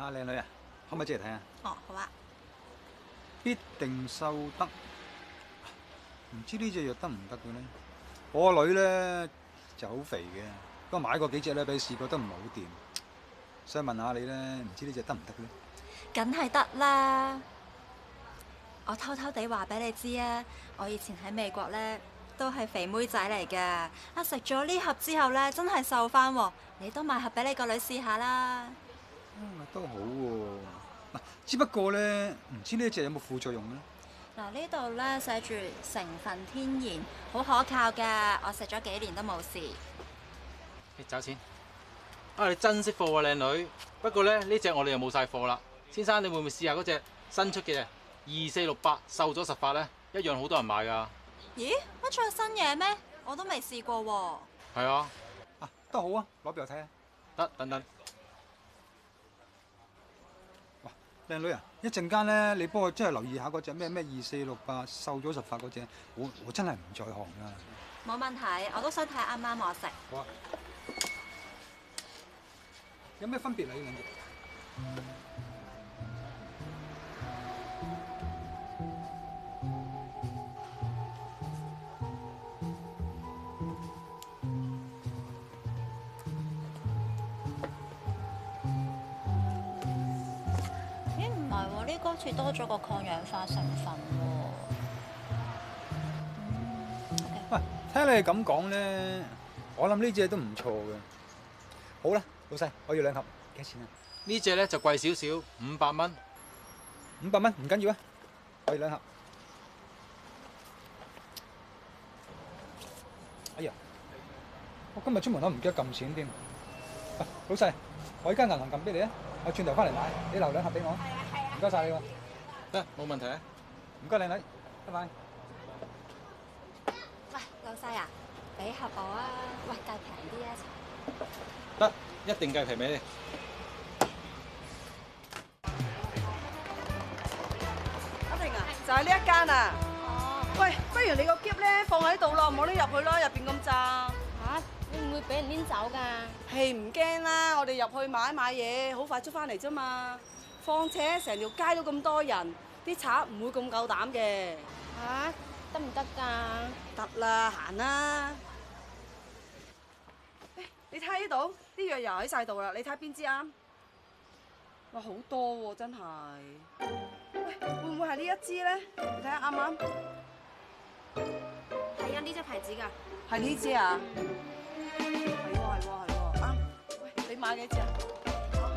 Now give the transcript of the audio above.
啊，靚女啊，可唔可以借嚟睇下？哦，好啊。必定瘦得，唔知呢隻藥得唔得嘅咧？我個女咧就好肥嘅，不過買過幾隻咧俾試過，都唔係好掂。想問下你咧，唔知呢隻得唔得嘅咧？梗係得啦！我偷偷地話俾你知啊，我以前喺美國咧都係肥妹仔嚟嘅。啊，食咗呢盒之後咧，真係瘦翻喎！你都買盒俾你個女試下啦。都好喎。嗱，只不過咧，唔知呢一隻有冇副作用咧。嗱呢度咧寫住成分天然，好可靠噶。我食咗幾年都冇事。你找錢。啊，你真識貨啊，靚女。不過咧，呢隻我哋又冇晒貨啦。先生，你會唔會試下嗰隻新出嘅？二四六八瘦咗十法咧，一樣好多人買噶。咦？乜仲有新嘢咩？我都未試過喎。係啊。啊，都好啊。攞俾我睇啊。得，等等。靚女啊！一陣間咧，你幫我真係留意下嗰隻咩咩二四六八瘦咗十發嗰隻，那個，我我真係唔在行啊！冇問題，我都想睇啱唔啱我食。有咩分別啊，呢兩隻？呢次多咗個抗氧化成分喎。喂，聽你咁講咧，我諗呢隻都唔錯嘅。好啦，老細，我要兩盒，幾錢啊？呢隻咧就貴少少，五百蚊。五百蚊唔緊要啊，我要兩盒。哎呀，我今日出門啊，唔記得撳錢添。喂，老細，我依間銀行撳俾你啊，我轉頭翻嚟買你，留兩盒俾我。唔該曬你喎，得冇問題啊！唔該靚女，拜拜。喂，老細啊，俾盒寶啊！喂，計平啲啊！得，一定計平你。一定啊！就喺呢一間啊！哦。喂，不如你個夾咧放喺度咯，唔好拎入去咯，入邊咁窄。嚇？會唔會俾人拎走㗎？係唔驚啦，我哋入去買一買嘢，好快出翻嚟啫嘛。況且成條街都咁多人，啲賊唔會咁夠膽嘅嚇，得唔得㗎？得啦，行啦。誒，你睇呢度啲藥油喺晒度啦，你睇邊支啊？哇，好多喎，真係。會唔會係呢一支咧？你睇下啱唔啱？係啊，呢隻牌子㗎。係呢支啊？係喎係喎係喎，啱。喂，你買幾隻啊？